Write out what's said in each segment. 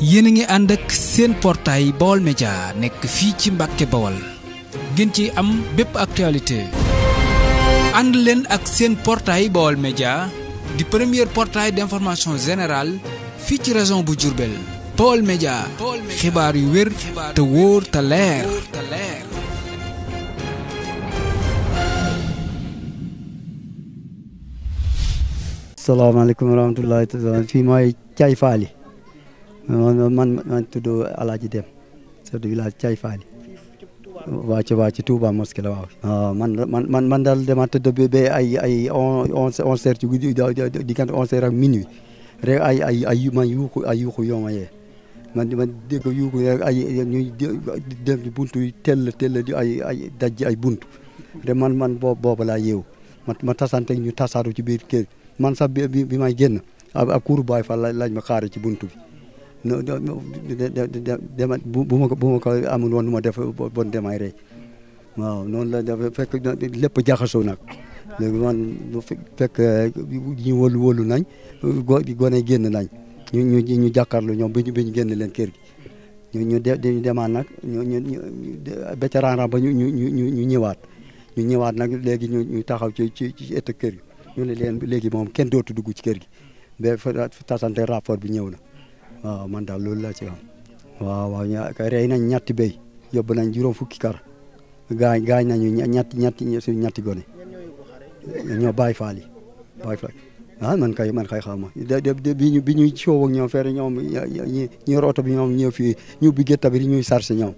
yéen a ngi ànd ak seen portail Baol media nekk fii ci Mbàkke Baol ngeen ci am bépp actualité ànd leen ak seen portaay Baol Média di premier portail d'information générale fii ci région bu jurbel Baol Média xibaar yu wér te wóor te leer salaamaaleykum wa man man tudd Alaaji Dem chef de village Thiaye Faly waa ci waa ci Touba mosquée la waaw ah, man man man man daal dama tëdd ba ay ay onze onze heures ci guddi diggante onze heures ak minuit rek ay ay ay man yuuxu ay yuuxu yoo ma yee man man yuuxu rek ay ñuy dem buntu tell tell ay ay dajji ay buntu rek man man boobu boobu laa yeewu ma ma tasante ñu tasaaru ci biir kër man sax bi bi may génn a ab kuuru baay fa laaj ma xaar ci buntu bi no bu bu ma ko bu ma ko amul woon nu ma def bon demay rey waaw noonu la dafa fekk lépp jaxasoo nag léegi man bu fekk eh, ñu wóolu wóolu nañ gone génn nañ ñu ñu ñu jàkkaarloo ñoom bi ñu bi ñu génn leen kër gi ñu ñu ñu demaan nag ñu ñu ñu ba ñu ñu ñu ñu ñëwaat ñu ñëwaat nag léegi ñu ñu taxaw ci ci ci ëtt kër gi ñu ne leen léegi moom kenn dootu dugg ci kër gi ba fa tasante rapport bi ñëw na man daal loolu laa ci am waaw waaw ña rey nañ ñetti béy yóbbu nañ juróom fukki kar gaañ gaañ nañu ñetti ñetti ñetti gone ñoo bàyyi faal yi bàyyi ah man kay man kay xaw ma bi ñu bi ñuy coow ak ñoom fere ñoom ñi yor bi ñoom ñëw ñu bi gét tabiri ñuy sarse ñoom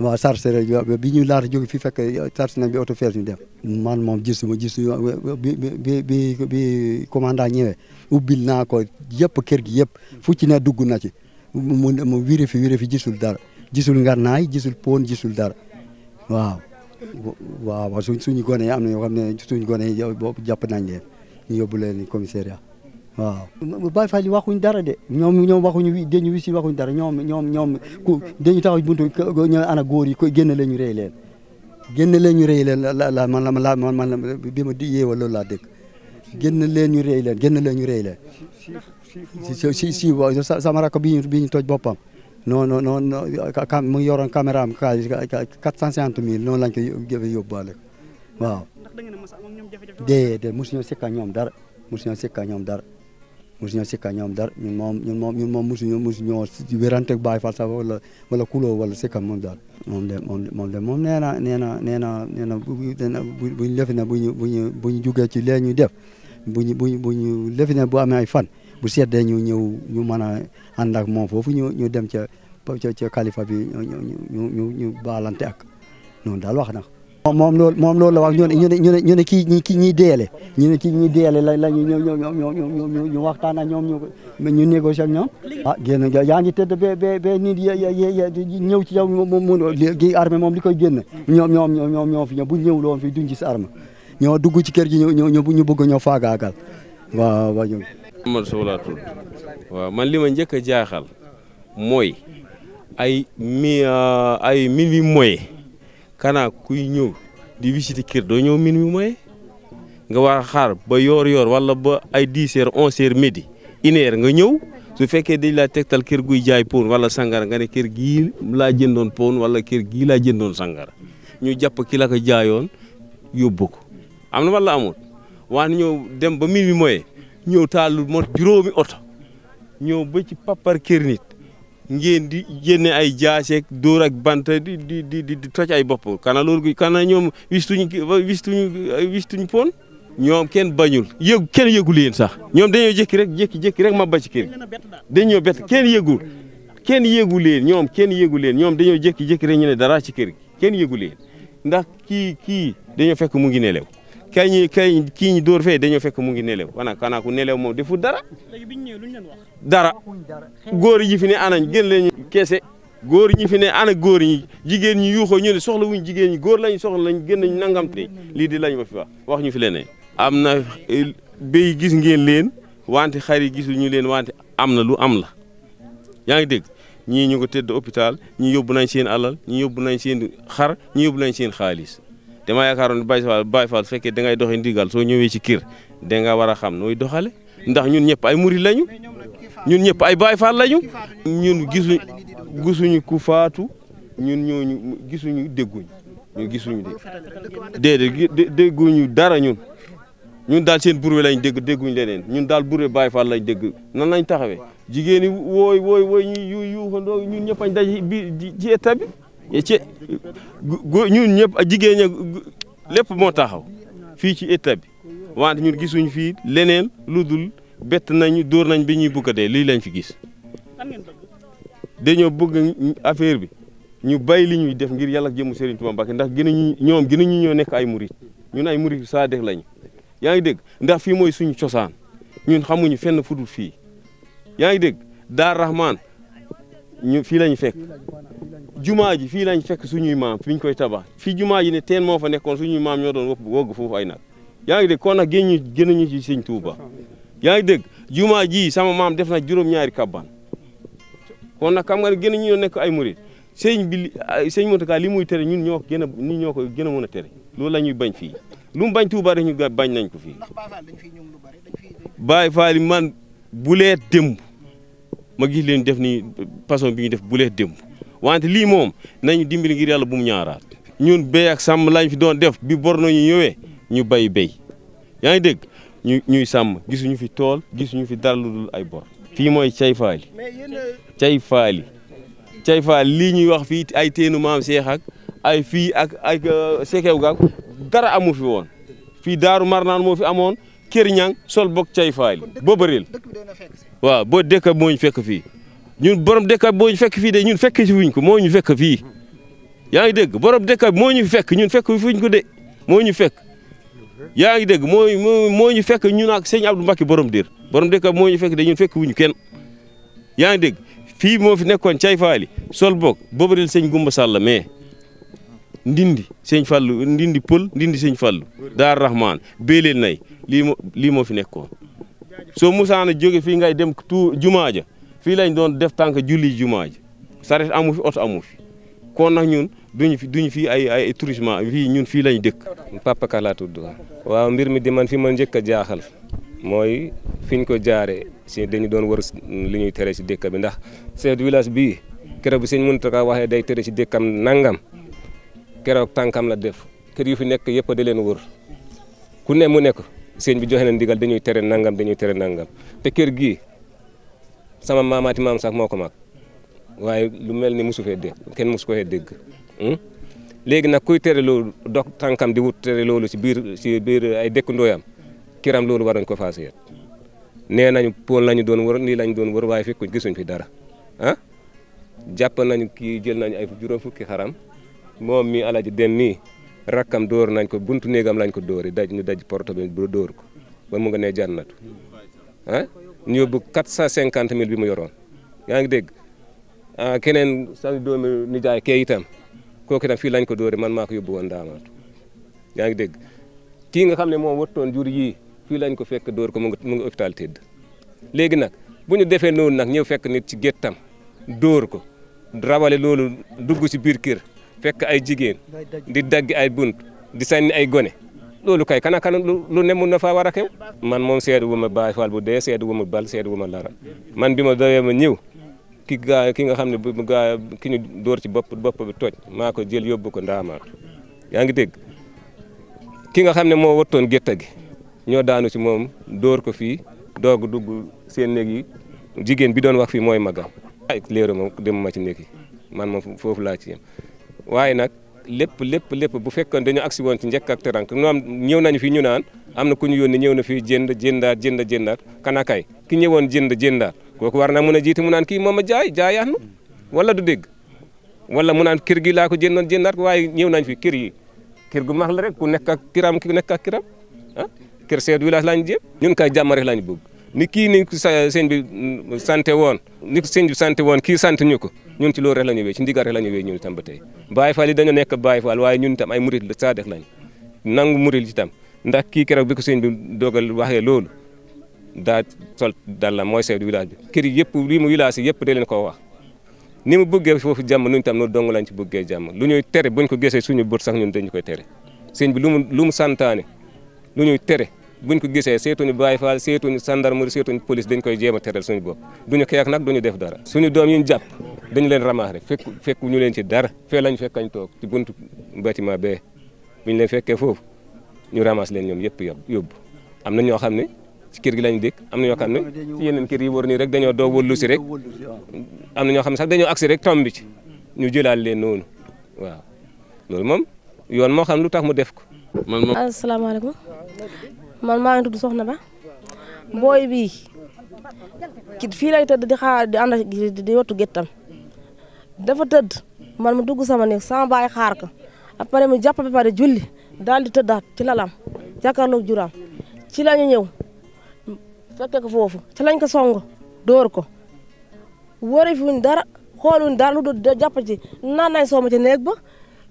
waaw sarse rek bi ñu laar jóge fi fekk sarse nañ bi oto fees ñu dem man moom gisuma gisuma bi bi bi bi commandant ñëwee ubbil naa ko yëpp kër gi yëpp fu ci ne dugg na ci mu mu wiri fi wiri fi gisul dara gisul ngarnaay gisul poon gisul dara waaw waaw suñ suñu gone yi am na yoo xam ne suñu gone yi boobu jàpp nañ leen ñu yóbbu ni commissariat waaw. Baye Fall yi waxuñ dara de ñoom ñoom waxuñu dañu wisi waxuñ dara ñoom ñoom ñoom dañu taxaw buntu ñoom ana góor ko génn leen ñu rey leen génn leen ñu rey leen la la man la man man bi di yeewal loolu laa dëkk génn leen ñu rey leen génn leen ñu rey leen. si si si waaw sama rakk bi ñu tooj ñu toj boppam. non non mu ngi yoroon caméra am quatre cent cinquante mille noonu lañ koy yóbbaale. waaw déedéet mosu ñoo sekk ñoom dara mosu ñoo sekk ñoom dara mosu ñoo sekk ak ñoom dara ñun moom ñun moom ñun moom mosu ñoo mosu Baay Faal sax wala wala kuloo wala sekk ak moom moom de moom moom de moom nee na nee na nee na nee na buñ lefi ne buñu buñu buñu jugee ci lee ñuy def buñu buñu buñu lefi ne bu amee ay fan bu seddee ñu ñëw ñu mën a ànd ak moom foofu ñu dem ca ca ca kalifa bi ñu ñu ñu ñu baalante ak noonu daal wax na moom loolu moom loolu la wax ñu ne ñu ne ñu ne ñu ne kii kii ñuy deele ñu ne kii ñuy deele la la ñu ñoom ñoom ñoom ñu waxtaan ak ñoom ñu ñu négocier ak ñoom. ah génn yaa ngi tëdd ba ba ba nit ñëw ci yow moom moom gi armée moom li koy génn. ñoom ñoom ñoom ñoo fi ñëw bu ñëwul woon fii duñ gis arme ñoo dugg ci kër gi ñu ñu ñu bëgg ñoo faagaagal waaw waaw. man Sow laa tudd waaw man li ma njëkk a jaaxal mooy ay mi ah, ay mil yu moye. kanaa kuy ñëw di visiter kër doo ñëw min mi mooy nga war xar ba yoor yoor wala ba ay dix heures onze heures midi une heure nga ñëw su fekkee dañ laa tegtal kër guy jaay poon wala sangara nga ne kër gii laa jëndoon poon wala kër gii laa jëndoon sangara ñu jàpp kila la ko jaayoon yóbbu ko am na wala amul waa ñëw dem ba min mi mooy ñëw taalu mot juróomi oto ñëw ba ci papar kër nit ngeen di génne ay jaaseeg dóor ak bant di di di di toj ay bopp kana loolu kana ñoom wistuñ wistuñ wistuñ poon ñoom kenn bañul yëg kenn yëgul yéen sax ñoom dañoo jékki rek jékki rek ma ba ci kër dañoo bett kenn yëgul kenn yëgu leen ñoom kenn yëgu leen ñoom dañoo jékki-jékki rek ñu ne dara ci kër kenn yëgu leen ndax kii kii dañoo fekk mu ngi nelew kay ñi kay kii ñi dóor fee dañoo fekk mu ngi nelew wana kanaa ku nelew moom defu dara. bi ñu ñëwee lu ñu leen dara góor yi fi ne anañ gën leen keese góor ñi fi ne ana góor ñi jigéen ñi yuuxoo ñu ne soxla wuñ jigéen ñi góor lañ soxla lañu gën nañ nangam te lii di lañ ma fi wax wax ñu fi leen ne am na eh, béy gis ngeen leen wante xar yi gisuñu leen wante am na lu am la yaa ngi dégg ñii ñu ko tëdd hôpital ñi yóbbu nañ seen alal ñi yóbbu nañ seen xar ñi yóbbu nañ seen xaalis dama yaakaaroon Baye Fall Baye Fall su fekkee da ngay doxee ndigal soo ñëwee ci kir da nga war a xam nooy doxale ndax ñun ñëpp ay murid lañu ñun ñëpp ay Baye Fall lañu. ñun gisuñ gisuñu ku faatu ñun ñooñu gisuñu dégguñu gisuñu déedéet dara ñun ñun daal seen burwe lañ dégg dégguñu leneen ñun daal burwe Baye Fall lañ dégg nan lañ taxawe jigéen ñi wooy wooy wooy ñun ñëpp añ daje bi ci ci ñun ñëpp jigéen ña lépp moo taxaw fii ci état bi wante ñun gisuñu fii leneen lu dul bett nañu dóor nañ bi ñuy bëgg dee lii lañ fi gis dañoo bëgg affaire bi ñu bàyyi li ñuy def ngir yàlla ak jëmu Serigne Touba ndax gënuñu ñoom ginuñu ñoo nekk ay murit ñun ay murit saa def lañu yaa ngi dégg ndax fii mooy suñu cosaan ñun xamuñu fenn fudul fii yaa ngi dégg Daar raxmaan ñu fii lañu fekk jumaa ji fii lañ fekk suñuy maam fi ñu koy tabax fii jumaa ji ne teen moo fa nekkoon suñuy maam ñoo doon wogg foofu ay nag yaa ngi dégg kon nag génn ñu génn ñu ci sëñ Tuuba yaa ngi dégg jumaa ji sama maam def na juróom-ñaari kabban kon nag xam nga ne gën ñu nekk ay murit sëñ bi sëñ Mountakha li muy tere ñun ñoo ko gën a ñun gën a mën a tere loolu la ñuy bañ fii lu mu bañ Tuuba rek ñu bañ nañ ko fii Baay Faal man buleet démb ma gis leen def ni façon bi ñu def buleet démb wante lii moom nañu dimbali ngir yàlla bu mu ñaaraat ñun béy ak sàmm lañ fi doon def bi bor nañu ñëwee ñu bay béy yaa ngi dégg ñu ñuy sàmm gisuñu fi tool gisuñu fi dara lu dul ay bor fii mooy cay faali cay faali cay faali lii ñuy wax fii ay teenu maam seex ak ay fii ak ay sekew gaag dara amu fi woon fii daaru marnaan moo fi amoon kër ñang sol bokk cay faali ba bëril waaw boo dëkk moo ñu fekk fii ñun borom dëkk boo ñu fekk fii de ñun fekk si fuñ ko moo ñu fekk fii yaa ngi dégg borom dëkk bi moo ñu fekk ñun fekk fuñ ko de moo ñu fekk yaa ngi dégg moo moo ñu fekk ñun ak sëñ Abdou Mbacké borom dir borom dëkk bi moo ñu fekk de ñun fekk wuñ kenn yaa ngi dégg fii moo fi nekkoon cay faali sol boog bobaril sëñ Gumba Sall mais ndindi sëñ Fallu ndindi pël ndindi sëñ Fallu daar Rahman béyleel nay lii moo lii moo fi nekkoon soo musaana jóge fii ngay dem tout jumaa ja fii lañ doon def tànk julli jumaa ji saret amu fi oto amu fi kon nag ñun duñu fi duñu fii ay ay tourisme fii ñun fii lañ dëkk. Papa Ka tudd waaw mbir mi di man fi ma njëkk a jaaxal mooy fi ko jaaree si dañu doon wër li ñuy tere si dëkk bi ndax seet de bi bii keroog bi sëñ Mountakha waxee day tere si dëkkam nangam keroog tànkam la def kër yu fi nekk yëpp da leen wër ku ne mu nekk sëñ bi joxe na ndigal dañuy tere nangam dañuy tere nangam te kër gi sama maamaati maam sax moo ko mag waaye lu mel ni mosu fee dégg kenn mosu ko fee dégg hmm? léegi nag kuy tere loolu dog tànkam di wut tere loolu si biir ci biir ay dëkkandooyam kiram loolu war nañ ko faas yet nee nañu pool lañu doon wër nii lañu doon wër waaye fekk gisuñ fi dara ah jàpp nañu kii jël nañu ay juróom fukki xaram moom mi alaji dem nii rakkam dóor nañ ko buntu néegam lañ ko dóori daj ñu daj porte bi dóor ko ba mu nga ne jànnatu ah ñu yóbbu quatre cent cinquante mille bi mu yoroon yaa ngi dégg ah, keneen sa doomi nijaay kee itam kooku itam fii lañ ko dóore man maa ko yóbbu woon daamaatu yaa ngi dégg kii nga xam ne moom wattoon jur yi fii lañ ko fekk dóor ko mu ngi mu ngi hôpital tëdd léegi nag bu ñu defee noonu nag ñëw fekk nit ci géttam dóor ko rawale loolu dugg si biir kër fekk ay jigéen di dagg ay bunt di sànni ay gone loolu kay kana kana lu ne mun na faa war a xew man moom seedu wu ma Baay Faal bu dee seedu wu ma bal seedu wu ma lara man bi ma dawee ma ñëw ki gaa ki nga xam ne bu gaa ki ñu dóor ci bopp bopp bi toj maa ko jël yóbbu ko ndaamaatu yaa ngi dégg ki nga xam ne moo wattoon gétta gi ñoo daanu ci moom dóor ko fii doog dugg seen néeg yi jigéen bi doon wax fii mooy magam ay léeru ma dem ma ci néeg yi man ma foofu laa ci yem waaye nag lépp lépp lépp bu fekkoon dañu agsi woon ci njëkk ak tërank ñoom ñëw nañu fi ñu naan am na ku ñu yónni ñëw na fi jënd jëndaat jënd jëndaat kanakaay ki ñëwoon jënd jëndaat kooku war naa mën a jiite mu naan kii moom a jaay jaayaat nu wala du dégg wala mu naan kër gi laa ko jëndoon jëndaat waaye ñëw nañ fi kër yi kër gu mag la rek ku nekk ak kiram ku nekk ak kiram ah kër chef de village lañ jëm ñun kay jàmm rek lañ bëgg ni kii ni ko sëñ bi sante woon ni ko sëñ bi sante woon kii sant ñu ko ñun ci loolu la ñu wéy ci ndigal rek la ñu wéy ñun itam ba tey Baye Fall yi dañoo nekk Baye Fall waaye ñun itam ay murit la saa def lañ nangu murit itam nda kii keroog bi ko sëñ bi dogal waxee loolu daa sol dal la mooy chef du village bi kër yëpp lii mu village yi yëpp da leen koo wax ni mu bëggee foofu jàmm ñun itam noonu lañ ci bëggee jàmm lu ñuy tere buñ ko gisee suñu bët sax ñun dañu koy tere sëñ bi lu mu lu mu santaane lu ñuy tere bu buñ ko gisee seetuñu Baye Fall seetuñu gendarmerie seetuñu police dañ koy jéem a teral suñu bopp duñu xeex nag ñu def dara suñu doom yi ñu jàpp dañu leen ramax rek fekk fekk ñu leen ci dara fee lañ fekk kañ toog ci buntu bâtiment bee buñ leen fekkee foofu ñu ramas leen ñoom yëpp yóbbu am na ñoo xam ne ci kër gi lañ dëkk am na ñoo xam ne ci yeneen yi wër nii rek dañoo doo wëllu si rek am na ñoo xam ne sax dañoo agsi rek tombi ci ñu jëlaal leen noonu waaw loolu moom yoon moo xam lu tax mu def ko. man man maa ngi tudd Soxna Ba booy bii fii lay tëdd di xaar di wattu géttam dafa tëdd man ma dugg sama néeg sama baay xaar ko après mu jàpp ba pare julli daal di tëddaat ci lalam jàkkaarloog juraam ci la ñu ñëw fekke ko foofu ci lañ ko song dóor ko wóore fi wuñ dara xooluñ dara lu dul jàpp ci naan nañ sooma ci néeg ba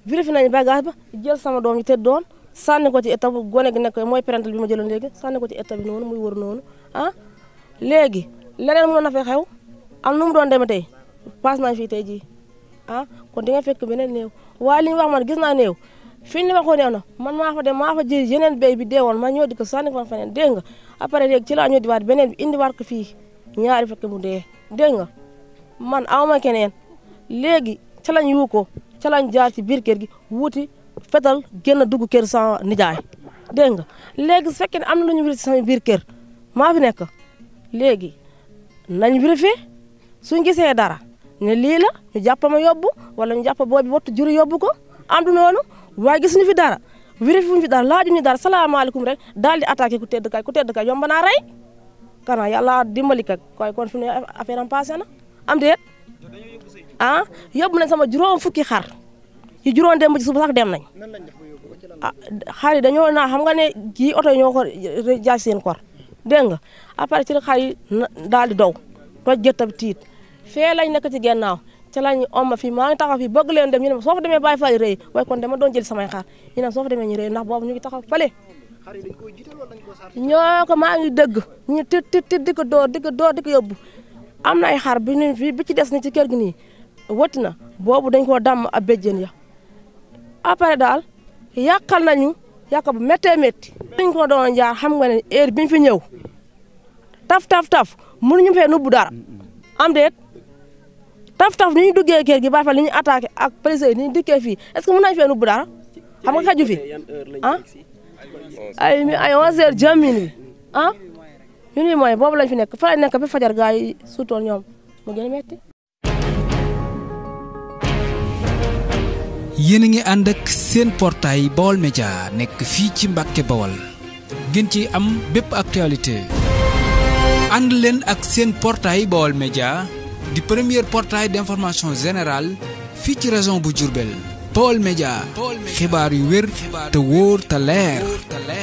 vérifié nañ bagage ba jël sama doom yi tëddoon sànni ko ci étape gone gi nekk mooy parental bi ma jëloon léegi sànni ko ci étape bi noonu muy wër noonu ah léegi leneen mënoon na fee xew am nu mu doon demee tey paas naa fii tey jii ah kon di nga fekk beneen néew waaye li ñu wax man gis naa néew fi ñu ne ma ko néew na man maa fa dem maa fa jël yeneen béy bi deewoon ma ñëw di ko sànni ko feneen dégg nga après léegi ci laa ñëw di waat beneen bi indiwaat ko fii ñaari fekk mu dee dégg nga man awa ma keneen léegi ca lañ yu ko ca lañ jaar ci biir kër gi wuti fetal génn dugg ker sa nijaay dégg nga léegi su fekkee ne am na lu ñu vérifié sama biir kër maa fi nekk léegi nañ vérifié suñ gisee dara ne lii la ñu jàpp ma yobbu wala ñu jàpp boobu wattu jur yóbbu ko am du noonu waaye gisuñu fi dara vérifié wuñu fi dara laajuñu dara salaamaaleykum rek daal di attaqué ku tedd kay ku tedd kay yomb naa rey kana yàlla dimbali kay koy kon fi mu ne am passé na am déet ah yóbbu nañ sama juróom fukki xar. ci juróom dem suba sax dem nañ ah xar yi dañoo naa xam nga ne kii oto ñoo ko jaay seen kor dégg nga après ci xar yi daal di dow toj gëttam tiit fee lañ nekk ci gennaaw ci lañ omba fii maa ngi taxaw fii bëgg leen dem ñu ne soo fa demee bàyyi fay rëy waaye kon doon jël samay xar ñu ne soo fa demee ñu rëy ndax boobu ñu ngi taxaw fale ñoo ko maa ngi dëgg ñu tit tit tit di ko door di ko door di ko yóbbu am na ay xar bi bi ci des ni ci kër gi nii wëtt na boobu dañ koo damm ab béjjén ya après daal yàqal nañu yàq bu méttee métti. ñu ko doon jaar xam nga ne heure bi fi ñëw taf taf taf mënuñu fee nubbu dara am déet taf taf ni ñu duggee kër gi ba fa li ñu attaqué ak police yi ni ñu dikkee fii est ce que mën dara xam nga xaju fi ah? ay ay 11h jëm minuit ah minuit boobu lañ fi nekk fa lañ nekk ba fajar gars yi suutoon ñoom mu gën a yéen a ngi ànd ak seen portail Baol Média nekk fii ci Mbàkke Bawol ngeen ci am bépp actualité ànd leen ak seen portaay Baol Média di première premier portail d'information général fii ci région bu Diourbel Baol Média xibaar yu wér te wóor te